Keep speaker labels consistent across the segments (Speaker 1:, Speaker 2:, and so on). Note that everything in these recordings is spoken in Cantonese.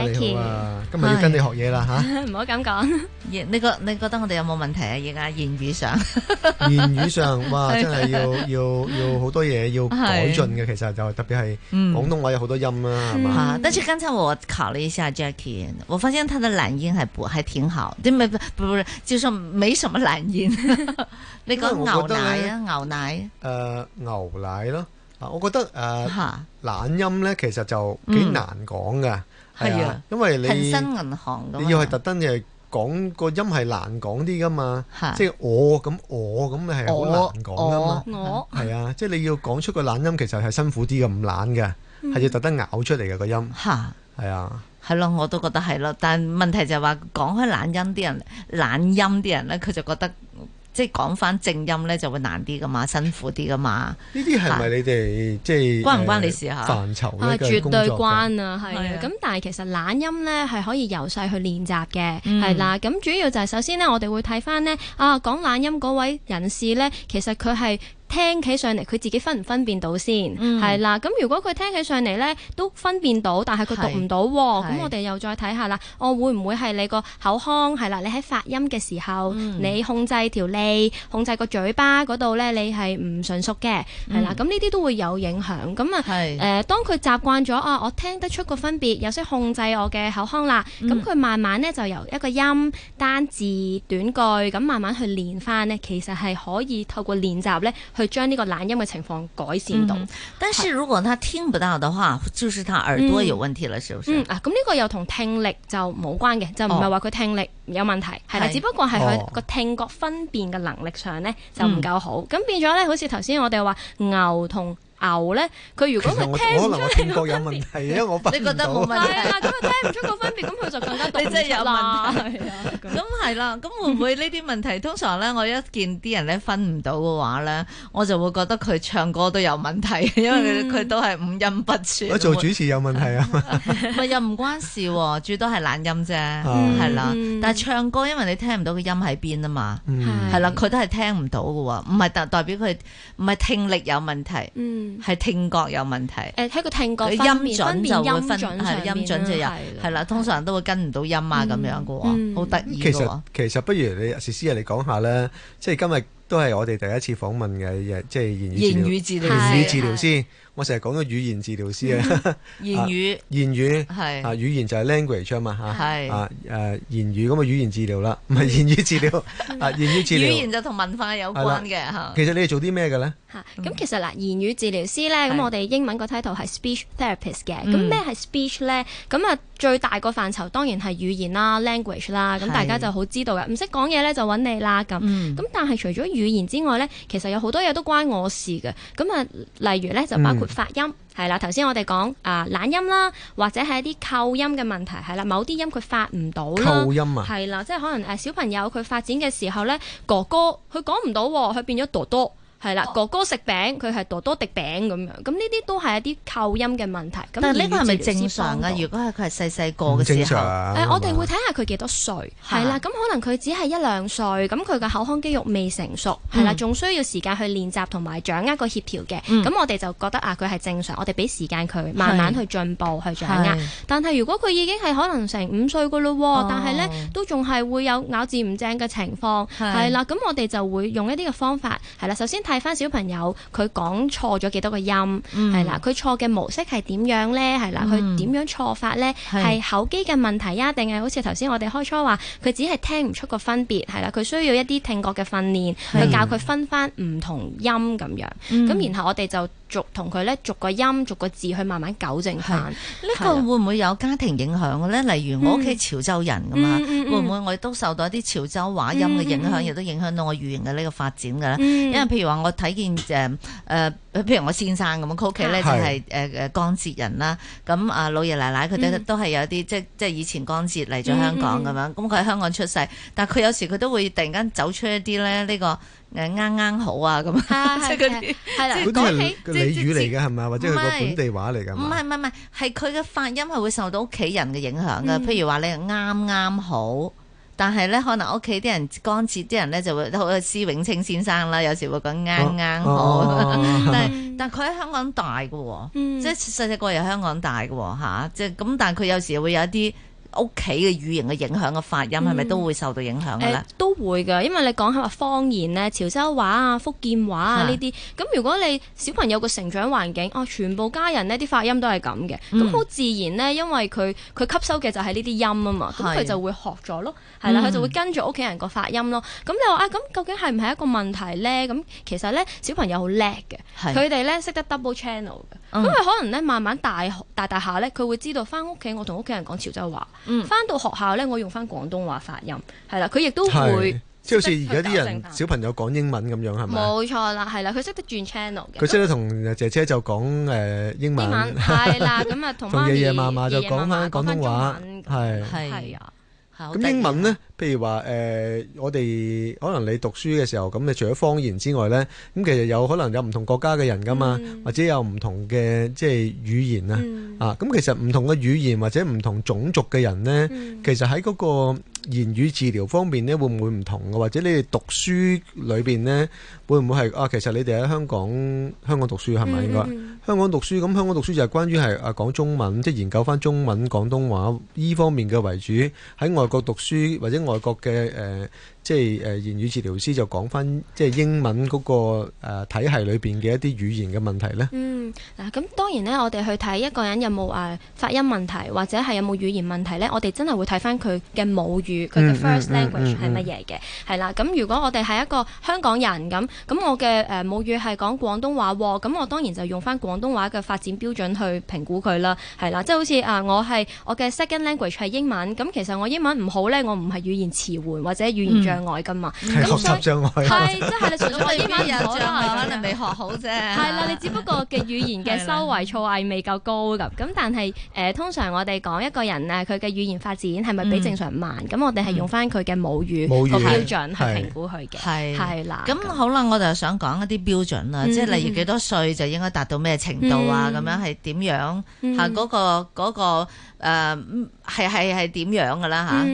Speaker 1: 啊，今日要跟你學嘢啦吓，
Speaker 2: 唔好咁講。你覺你覺得我哋有冇問題啊？而家言語上，言語上，哇，真係要要
Speaker 1: 要好多嘢要改進嘅。其實就特別係廣東話有好多音啦、啊，係嘛、嗯？但
Speaker 2: 係剛才我考了一下 Jackie，我發現他的懶音還不還挺好，即係不不不就是沒什麼懶音。你講牛奶啊，牛奶？
Speaker 1: 誒、呃，牛奶咯啊，我覺得誒，懶、呃、音咧其實就幾難講噶。係啊，因為你身銀
Speaker 2: 行你要係特
Speaker 1: 登係講個音係難講啲噶嘛，啊、即係我咁我咁你係好難講噶嘛，我？係啊，即係你要講出個懶音其實係辛苦啲嘅，唔懶嘅，係要特登咬出嚟嘅、個音。嚇、嗯，係啊，
Speaker 2: 係咯、啊啊，我都覺得係咯，但係問題就係話講開懶音啲人懶音啲人咧，佢就覺得。即係講翻正音咧，就會難啲噶嘛，辛苦啲噶嘛。呢啲係咪
Speaker 1: 你哋、啊、即係是關唔關你事啊？範疇啊，絕對
Speaker 2: 關
Speaker 3: 啊，係。咁但係其實懶音咧係可以由細去練習嘅，係啦。咁、嗯、主要就係首先咧，我哋會睇翻咧啊，講懶音嗰位人士咧，其實佢係。聽起上嚟，佢自己分唔分辨到先，係、嗯、啦。咁如果佢聽起上嚟呢，都分辨到，但係佢讀唔到喎。咁是、哦、我哋又再睇下啦。我、哦、會唔會係你個口腔係啦？你喺發音嘅時候，嗯、你控制條脷、控制個嘴巴嗰度呢，你係唔純熟嘅，係、嗯、啦。咁呢啲都會有影響。咁啊，誒、呃，當佢習慣咗啊，我聽得出個分別，又識控制我嘅口腔啦。咁佢、嗯、慢慢呢，就由一個音、單字、短句咁慢慢去練返呢，其實係可以透過練習呢。去。將呢個懶音嘅情況改善到，
Speaker 2: 但是如果他聽不到嘅話，就是他耳朵有問題了，是不是？
Speaker 3: 啊、嗯，咁、嗯、呢個又同聽力就冇關嘅，哦、就唔係話佢聽力有問題，係啦、哦，只不過係佢個聽覺分辨嘅能力上呢，就唔夠好，咁、嗯、持人變咗呢，好似頭先我哋話牛同。牛咧，佢如果佢聽唔出個分別，你覺得冇問題啊？咁
Speaker 1: 佢聽唔出個分別，咁佢就
Speaker 3: 更加你真係有問題，
Speaker 2: 係啊， 咁係啦，咁會唔會呢啲問題？ 通常咧，我一見啲人咧分唔到嘅話咧，我就會覺得佢唱歌都有問題，因為佢都係五音不全。我做、嗯、 主持有問題啊？咪又唔關事喎，最多係懶音啫，係啦、嗯。但係唱歌，因為你聽唔到個音喺邊啊嘛，係啦、嗯，佢 都係聽唔到㗎喎，唔係代表佢唔係聽力有問題， 嗯係聽覺有問題，誒
Speaker 3: 喺個聽覺音準就會分，係音，音準就有係
Speaker 2: 啦，通常都會跟唔到音啊咁、嗯、樣嘅，好得意。其實
Speaker 1: 其實不如你鍶鍶啊，你講下咧，即係今日都係我哋第一次訪問嘅，即係言語治療言語治療師。我成日講咗語言治療師啊，言語，言語係啊，語言就係 language 吖嘛吓，係啊誒，言語咁嘅語言治療啦，唔係言語治療啊，言語治療。語言
Speaker 3: 就同文化有關嘅吓。其
Speaker 1: 實你哋做啲咩嘅咧？
Speaker 3: 吓，咁其實嗱，言語治療師咧，咁我哋英文個 title 係 speech therapist 嘅，咁咩係 speech 咧？咁啊，最大個範疇當然係語言啦，language 啦，咁大家就好知道㗎，唔識講嘢咧就揾你啦，咁，咁但係除咗語言之外咧，其實有好多嘢都關我事嘅，咁啊，例如咧就包括。發音係啦，頭先我哋講啊懶音啦，或者係一啲扣音嘅問題係啦，某啲音佢發唔到咯，係啦、扣音啊，即係可能誒小朋友佢發展嘅時候咧，哥哥佢講唔到，佢變咗多多。係啦，哥哥食餅，佢係哆哆滴餅咁樣，咁呢啲都係一啲構音嘅問題。但呢個係咪正常啊？如果係佢係細細個
Speaker 2: 嘅時候，誒、哎，我哋會
Speaker 3: 睇下佢幾多歲。係啦、啊，咁可能佢只係一兩歲，咁佢嘅口腔肌肉未成熟，係啦、嗯，仲需要時間去練習同埋掌握個協調嘅。咁、嗯、我哋就覺得啊，佢係正常，我哋俾時間佢慢慢去進步去掌握。但係如果佢已經係可能成五歲噶咯，哦、但係咧都仲係會有咬字唔正嘅情況，係啦的。咁我哋就會用一啲嘅方法，係啦，首先睇。睇翻小朋友，佢講錯咗幾多個音，係啦、嗯，佢錯嘅模式係點樣呢？係啦，佢點樣錯法呢？係口肌嘅問題啊，定係好似頭先我哋開初話，佢只係聽唔出個分別，係啦，佢需要一啲聽覺嘅訓練去、嗯、教佢分翻唔同音咁樣，咁、嗯、然後我哋就。逐同佢咧，逐個音，逐個字去慢慢糾正
Speaker 2: 佢。呢、呢個會唔會有家庭影響嘅咧？例如我屋企潮州人㗎嘛，嗯嗯嗯、會唔會我都受到一啲潮州話音嘅影響，亦、嗯、都影響到我語言嘅呢個發展嘅咧？嗯、因為譬如話我睇見誒誒、嗯呃，譬如我先生咁樣，佢屋企咧就係誒誒江浙人啦。咁的啊，老爺奶奶佢哋都係有啲即係即係以前江浙嚟咗香港咁樣，咁佢喺香港出世，但係佢有時佢都會突然間走出一啲咧呢個。誒，啱啱、嗯、好啊，咁啊，即係佢係啦，嗰啲係俚語嚟嘅
Speaker 1: 係咪啊？或者佢個本地話嚟噶？唔
Speaker 2: 係唔係唔係，係佢嘅發音係會受到屋企人嘅影響嘅。譬、嗯、如話你啱啱好，但係咧可能屋企啲人干涉，啲人咧就會好似施永青先生啦，有時會講啱啱好。但係但係佢喺香港大嘅，即係細細個又香港大嘅吓，即係咁。但係佢有時會有一啲。屋企嘅語言嘅影響嘅發音係咪都會受到影響咧？誒、嗯呃、
Speaker 3: 都會嘅，因為你講下話方言咧，潮州話啊、福建話啊呢啲。咁是的 如果你小朋友個成長環境，哦，全部家人呢啲發音都係咁嘅，咁好、嗯、自然咧，因為佢佢吸收嘅就係呢啲音啊嘛，咁佢是的 就會學咗咯，係啦，佢就會跟住屋企人個發音咯。咁、嗯、你話啊，咁究竟係唔係一個問題咧？咁其實咧，小朋友好叻嘅，佢哋咧識得 double channel 嘅，咁佢可能咧慢慢大大大下咧，佢會知道翻屋企我同屋企人講潮州話。嗯，翻到學校咧，我用翻廣東話發音，係啦，佢亦都會的，即係好似而家啲人
Speaker 1: 小朋友講英文咁樣係咪？冇
Speaker 3: 錯啦，係啦，佢識得轉 channel 嘅，佢識都得同
Speaker 1: 姐姐就講誒、呃、英文，係
Speaker 3: 啦，咁啊同爺爺嫲嫲就講翻
Speaker 1: 廣東話，係係
Speaker 3: 啊。的的咁英
Speaker 1: 文咧，譬如話誒、呃，我哋可能你讀書嘅時候，咁、嗯、你、嗯、除咗方言之外咧，咁其實有可能有唔同國家嘅人噶嘛，或者有唔同嘅即係語言啊，啊，咁其實唔同嘅語言或者唔同種族嘅人咧，嗯、其實喺嗰、個。言語治療方面咧，會唔會唔同嘅？或者你哋讀書裏邊咧，會唔會係啊？其實你哋喺香港香港讀書係咪？應該 香港讀書，咁香港讀書就係關於，係啊，講中文，即係研究返中文廣東話呢方面嘅為主。喺外國讀書或者外國嘅誒。呃即係誒語言治療師就講翻即係英文嗰個誒體系裏邊嘅一啲語言嘅問題咧。嗯，
Speaker 3: 嗱咁當然咧，我哋去睇一個人有冇誒發音問題，或者係有冇語言問題咧，我哋真係會睇翻佢嘅母語，佢嘅 first language 係乜嘢嘅。係、嗯、啦，咁如果我哋係一個香港人咁，咁我嘅誒母語係講廣東話喎，咁我當然就用翻廣東話嘅發展標準去評估佢啦。係啦，即、就、係、是、好似啊，我係我嘅 second language 係英文，咁其實我英文唔好咧，我唔係語言遲緩或者語言障礙噶嘛？學障礙，係即係你除咗我哋呢班人，可能未學好啫。係啦，你只不過嘅語言嘅修為、造詣未夠高咁。咁但係，誒，通常我哋講一個人啊，佢嘅語言發展係咪比正常慢？咁我哋係用翻佢嘅母語個標準去評估佢嘅。係係啦。咁
Speaker 2: 好啦，我就想講一啲標準啦，即係例如幾多歲就應該達到咩程度啊？咁樣係點樣？吓嗰個
Speaker 3: 嗰個誒，係係係點樣噶啦吓？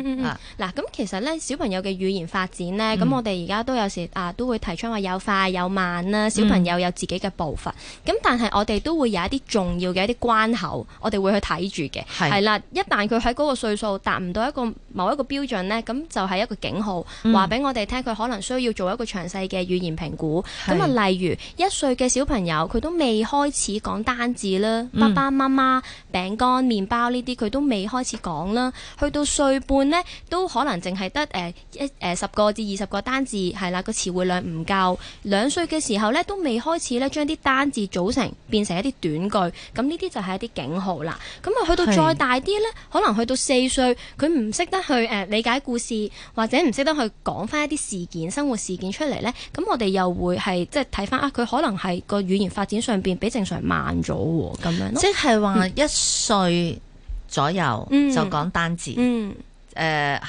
Speaker 3: 嗱，咁其實咧，小朋友嘅語言。發展呢，咁、嗯、我哋而家都有時啊，都會提出話有快有慢啦。小朋友有自己嘅步伐，咁、嗯、但係我哋都會有一啲重要嘅一啲關口，我哋會去睇住嘅，係是啦。一旦佢喺嗰個歲數達唔到一個某一個標準呢，咁就係一個警號，話俾、嗯、我哋聽，佢可能需要做一個詳細嘅語言評估。咁啊是，例如一歲嘅小朋友，佢都未開始講單字啦，嗯、爸爸媽媽、餅乾、麵包呢啲，佢都未開始講啦。去到歲半呢，都可能淨係得誒一誒。呃呃呃呃呃呃呃呃十個至二十個單字係啦，個詞彙量唔夠。兩歲嘅時候呢，都未開始咧，將啲單字組成，變成一啲短句。咁呢啲就係一啲警號啦。咁啊，去到再大啲呢，是可能去到四歲，佢唔識得去誒、uh, 理解故事，或者唔識得去講翻一啲事件、生活事件出嚟呢。咁我哋又會係即係睇翻啊，佢可能係個語言發展上邊比正常慢咗咁樣。即係話一
Speaker 2: 歲左右就講單字，誒、嗯，唔、嗯嗯呃、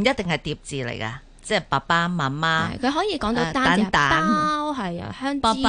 Speaker 2: 一定係疊字嚟噶。即係爸爸媽媽，佢可以講到單字包
Speaker 3: 係啊，香蕉蕉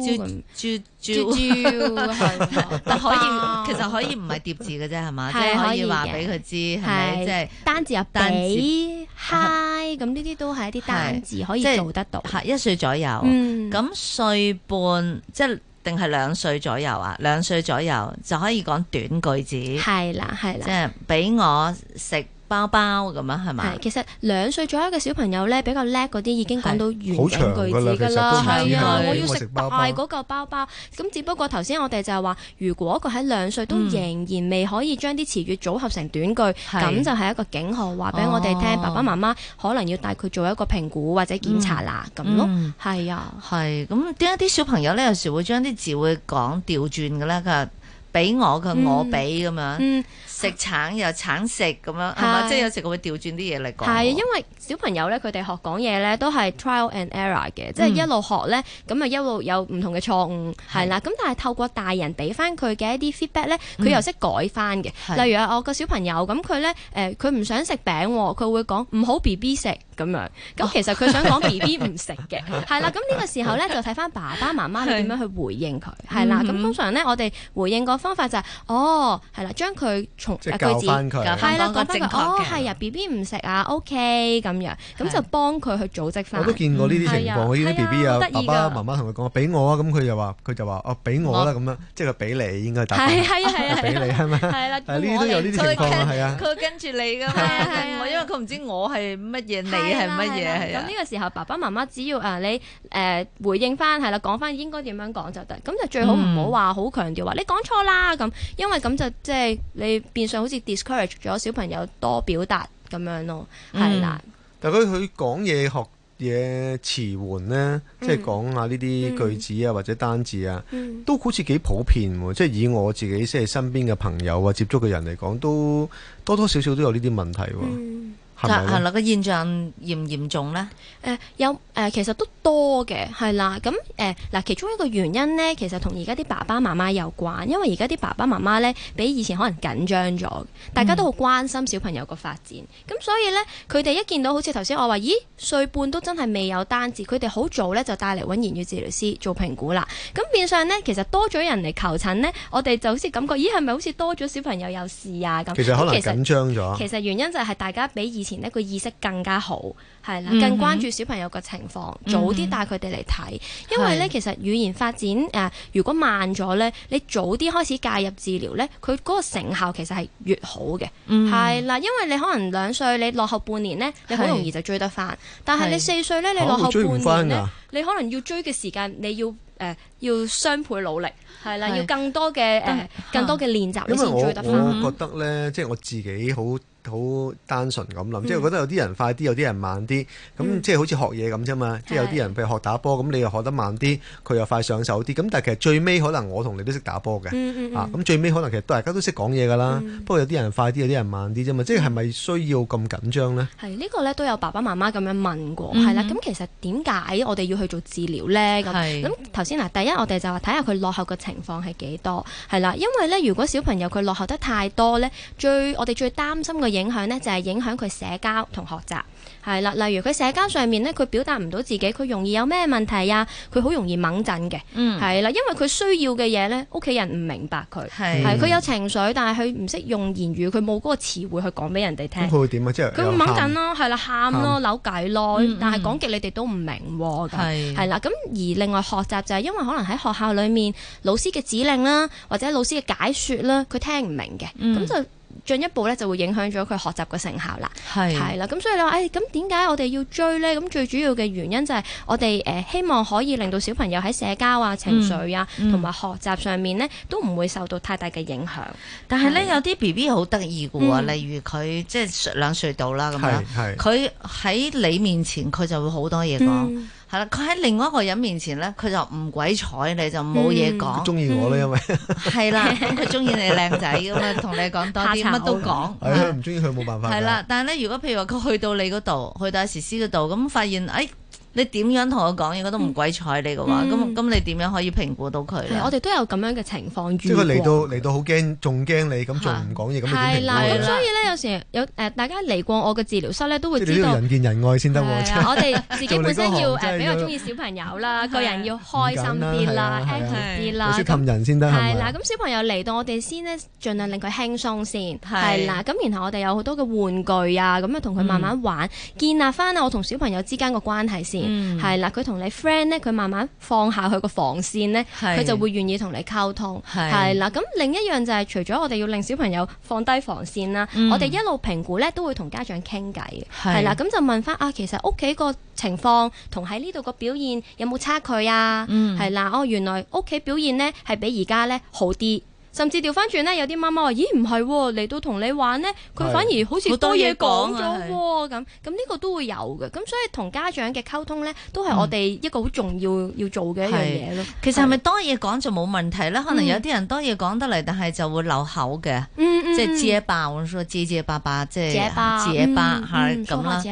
Speaker 3: 咁蕉蕉，但可以其實可以唔
Speaker 2: 係疊字嘅啫，係嘛，即係可以話俾佢知，係咪即係
Speaker 3: 單字入單字 Hi，咁呢啲都係一啲單字可以做得到，係一歲左右，咁歲
Speaker 2: 半即係定係兩歲左右啊？兩歲左右就可以講短句子，係啦係啦，即係俾我食。包包咁樣，係咪？係，其實
Speaker 3: 兩歲左右嘅小朋友咧，比較叻嗰啲已經講到完全句子噶啦，係啊，啊我要食大嗰個包包。咁只不過頭先我哋就係話，如果佢喺兩歲都仍然未可以將啲詞語組合成短句，咁、嗯、就係一個警號，話俾我哋聽，爸爸媽媽可能要帶佢做一個評估或者檢查啦，咁、嗯、咯，係、嗯、啊。係，咁點
Speaker 2: 解啲小朋友咧有時會將啲字會講調轉嘅咧？俾我嘅我俾咁樣，食橙又橙食咁樣，係嘛？即係有時佢會調轉啲嘢嚟講。係因
Speaker 3: 為小朋友咧，佢哋學講嘢咧都係 trial and error 嘅，即係一路學咧，咁啊一路有唔同嘅錯誤係啦。咁但係透過大人俾翻佢嘅一啲 feedback 咧，佢又識改翻嘅。例如啊，我個小朋友咁佢咧誒，佢唔想食餅喎，佢會講唔好 BB 食咁樣。咁其實佢想講 BB 唔食嘅係啦。咁呢個時候咧就睇翻爸爸媽媽點樣去回應佢係啦。咁通常咧我哋回應嗰方法就係，哦，係啦，將佢從句子，係啦，講翻佢，哦，係啊，B B 唔食啊，O K，咁樣，咁就幫佢去組織翻。我都見過呢啲情況，呢啲 B B 啊，爸爸媽
Speaker 1: 媽同佢講，俾我啊，咁佢就話，佢就話，哦，俾我啦，咁樣，即係俾你應該。係係係係，俾你係咪？係啦，都有呢啲。佢
Speaker 3: 跟住你噶嘛，係啊，因為佢唔知我係乜嘢，你係乜嘢。咁呢個時候，爸爸媽媽只要啊，你誒回應翻，係啦，講翻應該點樣講就得，咁就最好唔好話好強調話，你講錯啦。啊咁，因為咁就即係你變相好似 discourage 咗小朋友多表達咁樣咯，係啦、嗯
Speaker 1: 嗎。但佢佢講嘢學嘢詞彙呢，嗯、即係講下呢啲句子啊或者單字啊，都好似幾普遍喎。即係以我自己即係身邊嘅朋友啊接觸嘅人嚟講，都多多少少都有呢啲問題、啊。嗯就係啦，個、啊、現
Speaker 3: 象嚴唔嚴重咧？誒、呃、有誒、呃，其實都多嘅，係啦。咁誒嗱，其中一個原因咧，其實同而家啲爸爸媽媽有關，因為而家啲爸爸媽媽咧，比以前可能緊張咗，大家都好關心小朋友個發展。咁、嗯、所以咧，佢哋一見到好似頭先我話，咦，歲半都真係未有單字，佢哋好早咧就帶嚟揾言語治療師做評估啦。咁變相咧，其實多咗人嚟求診咧，我哋就好似感覺，咦，係咪好似多咗小朋友有事啊？咁其實可能緊張咗。其實原因就係大家比以前呢個意識更加好，係啦，更關注小朋友個情況，mm hmm. 早啲帶佢哋嚟睇。Mm hmm. 因為咧，其實語言發展誒、呃，如果慢咗咧，你早啲開始介入治療咧，佢嗰個成效其實係越好嘅。嗯、mm，係、hmm. 啦，因為你可能兩歲你落後半年咧，你好容易就追得翻。但係你四歲咧，你落後半年咧，你可能要追嘅時間你要誒、呃、要雙倍努力，係啦，的要更多嘅誒、嗯 uh, 更多嘅練習。你先追得翻。嗯、因為我我覺
Speaker 1: 得咧，即係我自己好。好單純咁諗，嗯、即係覺得有啲人快啲，有啲人慢啲，咁、嗯、即係好似學嘢咁啫嘛。嗯、即係有啲人譬如學打波，咁的你又學得慢啲，佢又快上手啲。咁但係其實最尾可能我同你都識打波嘅，嗯嗯嗯啊，咁最尾可能其實大家都識講嘢㗎啦。嗯、不過有啲人快啲，有啲人慢啲啫嘛。即係係咪需要咁緊張呢？係
Speaker 3: 呢、呢個咧都有爸爸媽媽咁樣問過，係啦、嗯。咁其實點解我哋要去做治療呢？咁咁頭先嗱，第一我哋就話睇下佢落後嘅情況係幾多，係啦。因為咧，如果小朋友佢落後得太多咧，最我哋最擔心嘅影響呢就係、是、影響佢社交同學習，係啦。例如佢社交上面呢，佢表達唔到自己，佢容易有咩問題啊？佢好容易掹震嘅，係啦、嗯，因為佢需要嘅嘢呢，屋企人唔明白佢，係佢、嗯、有情緒，但係佢唔識用言語，佢冇嗰個詞彙去講俾人哋聽。咁佢、嗯、會點啊？即係佢掹震咯，係啦，喊咯，咯，扭計咯，嗯嗯但係講極你哋都唔明㗎，係啦。咁而另外學習就係因為可能喺學校裡面老師嘅指令啦，或者老師嘅解說啦，佢聽唔明嘅，咁就。進一步咧就會影響咗佢學習嘅成效啦，係啦是，咁所以你話，誒咁點解我哋要追咧？咁最主要嘅原因就係我哋誒、呃、希望可以令到小朋友喺社交啊、情緒啊同埋學習上面咧、嗯嗯、都唔會受到太大嘅影響。但係咧是，有啲 B B 好得意㗎喎，嗯、例
Speaker 2: 如佢即係兩歲到啦咁樣，佢喺你面前佢就會好多嘢講。嗯係啦，佢喺另外一個人面前咧，佢就唔鬼睬你，就冇嘢講。中意我咧，因為係啦，佢中意你靚仔咁嘛，同 你講多啲乜都講。係佢
Speaker 1: 唔中意，佢冇的辦法。係啦，
Speaker 2: 但係咧，如果譬如話佢去到你嗰度，去到阿鍶鍶嗰度，咁發現誒。哎你點樣同我講，應該都唔鬼睬你嘅話，咁咁你
Speaker 3: 點樣可以評估到佢咧？我哋都有咁樣嘅情況遇過。即係嚟到
Speaker 1: 嚟到好驚，仲驚你咁仲唔講嘢，咁點評估咧？係啦，所以
Speaker 3: 咧，有時有誒，大家嚟過我嘅治療室咧，都會知道人
Speaker 1: 見人愛先得喎。我哋自己本身要誒比較中
Speaker 3: 意小朋友啦，個人要開心啲啦 active 啲啦，先吸引人先得係嘛。係啦，咁小朋友嚟到我哋先咧，盡量令佢輕鬆先，係啦。咁然後我哋有好多嘅玩具啊，咁啊同佢慢慢玩，建立翻我同小朋友之間嘅關係先。嗯，係啦，佢同你 friend 咧，佢慢慢放下佢個防線咧，佢是就會願意同你溝通，係是啦。咁另一樣就係，除咗我哋要令小朋友放低防線啦，嗯、我哋一路評估咧，都會同家長傾偈，係是啦。咁就問翻啊，其實屋企個情況同喺呢度個表現有冇差距啊？係、嗯、啦，哦，原來屋企表現咧係比而家咧好啲。甚至調翻轉咧，有啲媽媽話，咦，唔係喎，嚟到同你玩咧，佢反而好似好多嘢講咗喎，咁咁呢個都會有嘅。咁所以同家長嘅溝通咧，都係我哋一個好重要要做嘅一樣嘢
Speaker 2: 咯。其實係咪多嘢講就冇問題咧？可能有啲人多嘢講得嚟，但係就會漏口嘅，即係結巴咁，結結巴巴，即係結巴，結巴嚇咁啦。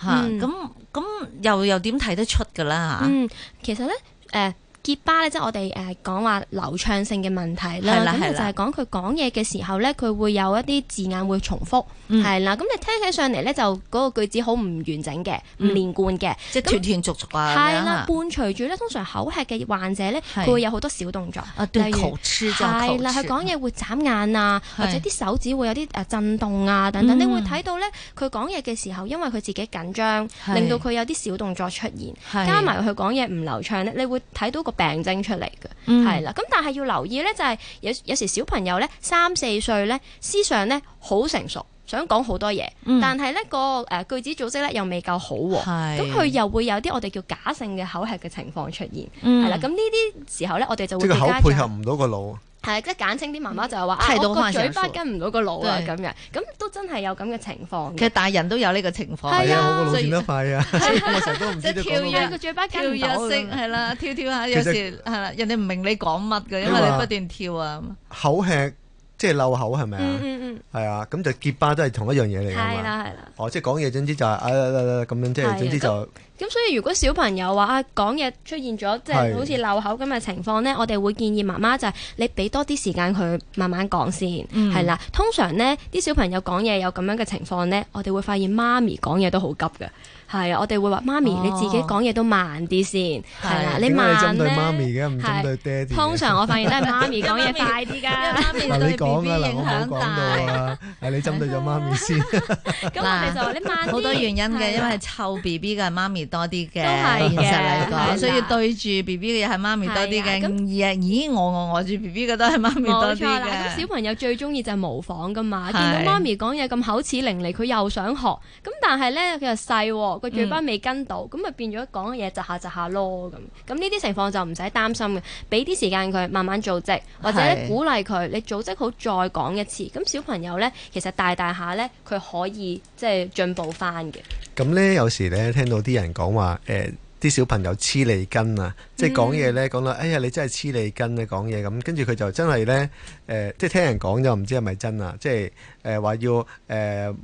Speaker 2: 嚇咁咁又又點睇得出㗎啦？嚇，
Speaker 3: 其實咧，誒。結巴咧，即係我哋誒講話流暢性嘅問題啦。咁就係講佢講嘢嘅時候咧，佢會有一啲字眼會重複，係啦。咁你聽起上嚟咧，就嗰個句子好唔完整嘅，唔連貫嘅，即係都斷斷續續啊。係啦，伴隨住咧，通常口吃嘅患者咧，佢會有好多小動作，例如係啦，佢講嘢會眨眼啊，或者啲手指會有啲誒震動啊等等。你會睇到咧，佢講嘢嘅時候，因為佢自己緊張，令到佢有啲小動作出現，加埋佢講嘢唔流暢咧，你會睇到病徵出嚟嘅，係啦、嗯，咁但係要留意咧，就係有有時小朋友咧，三四歲咧，思想咧好成熟，想講好多嘢，嗯、但係咧個誒句子組織咧又未夠好，咁佢是又會有啲我哋叫假性嘅口吃嘅情況出現，係啦、嗯，咁呢啲時候咧，我哋就會。即係口配合
Speaker 1: 唔到個腦。
Speaker 3: 係，即係簡稱啲媽媽就係話啊，我個嘴巴跟唔到個腦啊，咁樣咁都真係有咁嘅情況。其實大
Speaker 2: 人都有呢個情況。係啊，我個腦轉得
Speaker 1: 快啊，所以成日都唔知跳躍個嘴巴，跳躍式
Speaker 2: 係啦，跳跳下有時係啦，人哋唔明你講乜㗎，因為你不斷跳啊。
Speaker 1: 口吃即係漏口係咪啊？係啊，咁就結巴都係同一樣嘢嚟啊嘛。係啦係啦。哦，即係講嘢總之就係啊啊啊咁樣，即係總之就。
Speaker 3: 咁所以如果小朋友啊，話啊講嘢出現咗即係好似漏口咁嘅情況呢，的我哋會建議媽媽就係、是、你俾多啲時間佢慢慢講先，係啦、嗯。通常呢啲小朋友講嘢有咁樣嘅情況呢，我哋會發現媽咪講嘢都好急嘅。係啊，我哋會話媽咪你自己講嘢都慢啲先，係啦，你慢咧。唔針對
Speaker 1: 爹哋。通常我發現都係媽咪講嘢快啲㗎。媽咪對 B B 影響大。你講啊嗱，我講講到啊，係你針對咗媽咪先。咁
Speaker 3: 我哋就話你慢。好多原因嘅，因
Speaker 2: 為湊 B B 嘅係媽咪多啲嘅，都係嘅現實嚟講，所以對住 B B 嘅嘢係媽咪
Speaker 3: 多啲嘅。咁咦？咦！我我我住 B B 嘅都係媽咪多啲嘅。冇錯啦，個小朋友最中意就係模仿㗎嘛，見到媽咪講嘢咁口齒伶俐，佢又想學。咁但係咧，佢又細。個嘴巴未跟到，咁咪、嗯、變咗講嘅嘢窒下窒下咯咁。咁呢啲情況就唔使擔心嘅，俾啲時間佢慢慢組織，或者是鼓勵佢，你組織好再講一次。咁小朋友呢，其實大大下呢，佢可以即係進步翻嘅。
Speaker 1: 咁呢，有時呢，聽到啲人講話誒。哎啲小朋友黐脷根啊，即係講嘢咧講到，哎呀你真係黐脷根啊講嘢咁，跟住佢就真係咧，誒、呃、即係聽人講就唔知係咪真啊，即係誒話要誒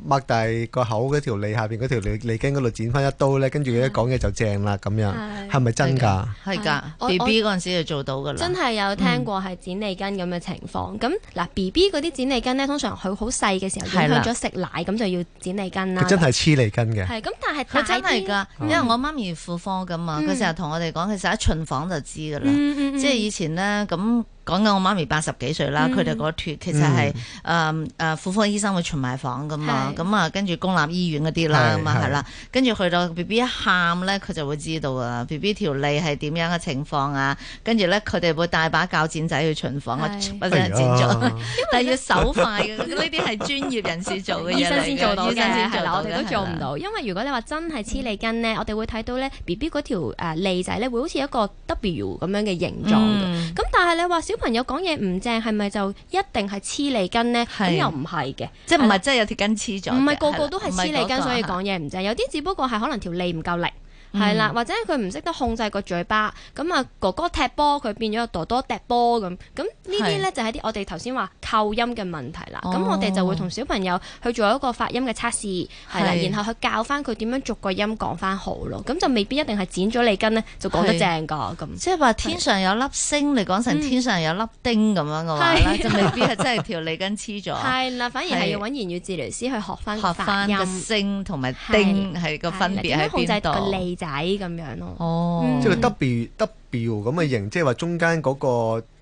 Speaker 1: 擘大個口嗰條脷下邊嗰條脷脷根嗰度剪翻一刀咧，跟住佢一講嘢就正啦咁樣，係咪真㗎？係
Speaker 3: 㗎，B B 嗰陣
Speaker 2: 時就做到㗎
Speaker 1: 啦。
Speaker 3: 真係有聽過係剪脷根咁嘅情況。咁嗱 B B 嗰啲剪脷根咧，通常佢好細嘅時
Speaker 2: 候佢開始咗食
Speaker 3: 奶，咁的就要剪脷根啦。
Speaker 2: 佢真係
Speaker 1: 黐脷根嘅。係
Speaker 3: 咁，但係
Speaker 2: 佢真係㗎，因為我媽咪婦科。咁啊，佢成日同我哋講，其實喺巡房就知噶啦，嗯、哼哼即係以前咧咁。講緊我媽咪八十幾歲啦，佢哋嗰脱其實係誒誒婦科醫生會巡埋房㗎嘛，咁啊跟住公立醫院嗰啲啦，咁啊係啦，跟住去到 B B 一喊咧，佢就會知道啊，B B 條脷係點樣嘅情況啊，跟住咧佢哋會帶把鉸剪仔去巡房啊，不停剪咗，
Speaker 3: 但係要手快嘅，呢啲係專業人士做嘅嘢，醫生先做到嘅，係我哋都做唔到，因為如果你話真係黐脷根咧，我哋會睇到咧 B B 嗰條脷仔咧會好似一個 W 咁樣嘅形狀咁。係你話小朋友講嘢唔正，係咪就一定係黐脷根呢？咁又唔係嘅，即係唔係真係有條根黐咗？唔係個個都係黐脷根，所以講嘢唔正。有啲只不過係可能條脷唔夠力。係啦，或者佢唔識得控制個嘴巴，咁啊哥哥踢波，佢變咗個多多踢波咁，咁呢啲咧就係啲我哋頭先話扣音嘅問題啦。咁我哋就會同小朋友去做一個發音嘅測試，係啦，然後去教翻佢點樣逐個音講翻好咯。咁就未必一定係剪咗脷根咧，就講得正個咁。即係話天上
Speaker 2: 有粒星，你講成天上有粒丁咁樣嘅話咧，就未必係真係
Speaker 3: 條脷根黐咗。係啦，反而係要揾言語治療師去學翻發音、星同埋丁係個分別喺邊度。仔咁、哦嗯、樣咯，
Speaker 1: 即係 W W 咁嘅形，即係話中間嗰、那個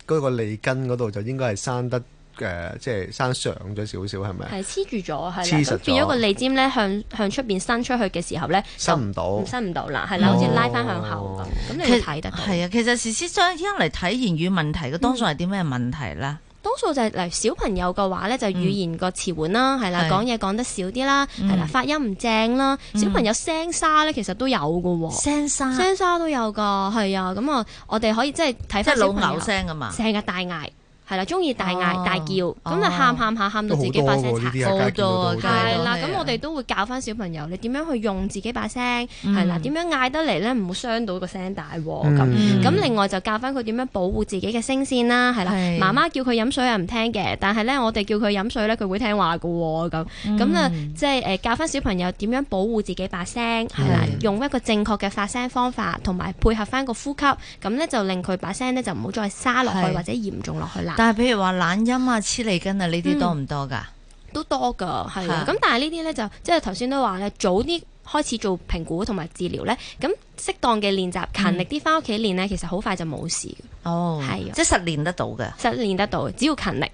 Speaker 1: 嗰、那個脷根嗰度就應該係生得誒、呃，即係生長咗少少，係咪？係
Speaker 3: 黐住咗，係黐實咗，住變咗個脷尖咧，向向出邊伸出去嘅時候咧，伸
Speaker 1: 唔到，伸
Speaker 3: 唔到啦，係啦，哦、好似拉翻向後，咁、哦、你睇得到？係啊，其實事時將
Speaker 2: 一嚟睇言語問題嘅多數係啲咩問題咧？嗯
Speaker 3: 多數就係嗱小朋友嘅話咧，就係、語言個遲緩、嗯、啦，係啦，講嘢講得少啲啦，係、嗯、啦，發音唔正啦，小朋友聲沙咧，其實都有嘅喎。嗯、聲沙紗聲沙都有噶，係啊，咁啊，我哋可以即係睇翻小朋友老聲啊嘛，成日大嗌。係啦，中意大嗌大叫，咁啊喊喊下喊到自己把聲沙咗，係啦，咁我哋都會教翻小朋友，你點樣去用自己把聲？係啦，點樣嗌得嚟咧？唔好傷到個聲帶喎。咁咁另外就教翻佢點樣保護自己嘅聲線啦。係啦，媽媽叫佢飲水又唔聽嘅，但係咧我哋叫佢飲水咧，佢會聽話嘅喎。咁咁啊，即係誒教翻小朋友點樣保護自己把聲？係啦，用一個正確嘅發聲方法，同埋配合翻個呼吸，咁咧就令佢把聲咧就唔好再沙落去或者嚴重落去啦。但係
Speaker 2: 譬如話懶音啊、黐脷筋啊，呢啲多唔多噶、嗯？
Speaker 3: 都多噶，係啊。咁的但係呢啲咧就即係頭先都話咧，早啲開始做評估同埋治療咧，咁適當嘅練習，嗯、勤力啲翻屋企練咧，其實好快就冇事。哦，係的，即係實練得到嘅。實練得到，只要勤力。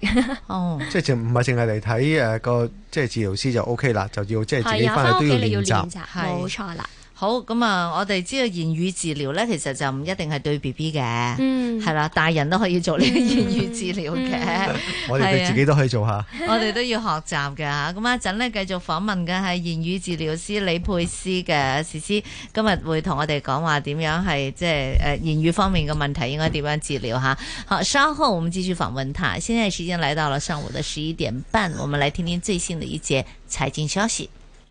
Speaker 1: 哦， 即係淨唔係淨係嚟睇誒個即係治療師就 OK 啦，就要即係自己翻去都要練習，
Speaker 3: 冇錯
Speaker 2: 啦。好咁啊！我哋知道言語治療咧，其實就唔一定係對 B B 嘅，係啦、嗯，大人都可以做呢個言語治療嘅。嗯嗯、的我哋自己都可以做下，我哋都要學習嘅吓。咁一陣咧，繼續訪問嘅係言語治療師李珮鍶嘅，思思、嗯、今日會同我哋講話點樣係即係誒言語方面嘅問題應該點樣治療吓、啊。好，稍後我們繼續訪問他。現在時間來到了上午嘅十一點半，我們來聽聽最新的一節財經消息。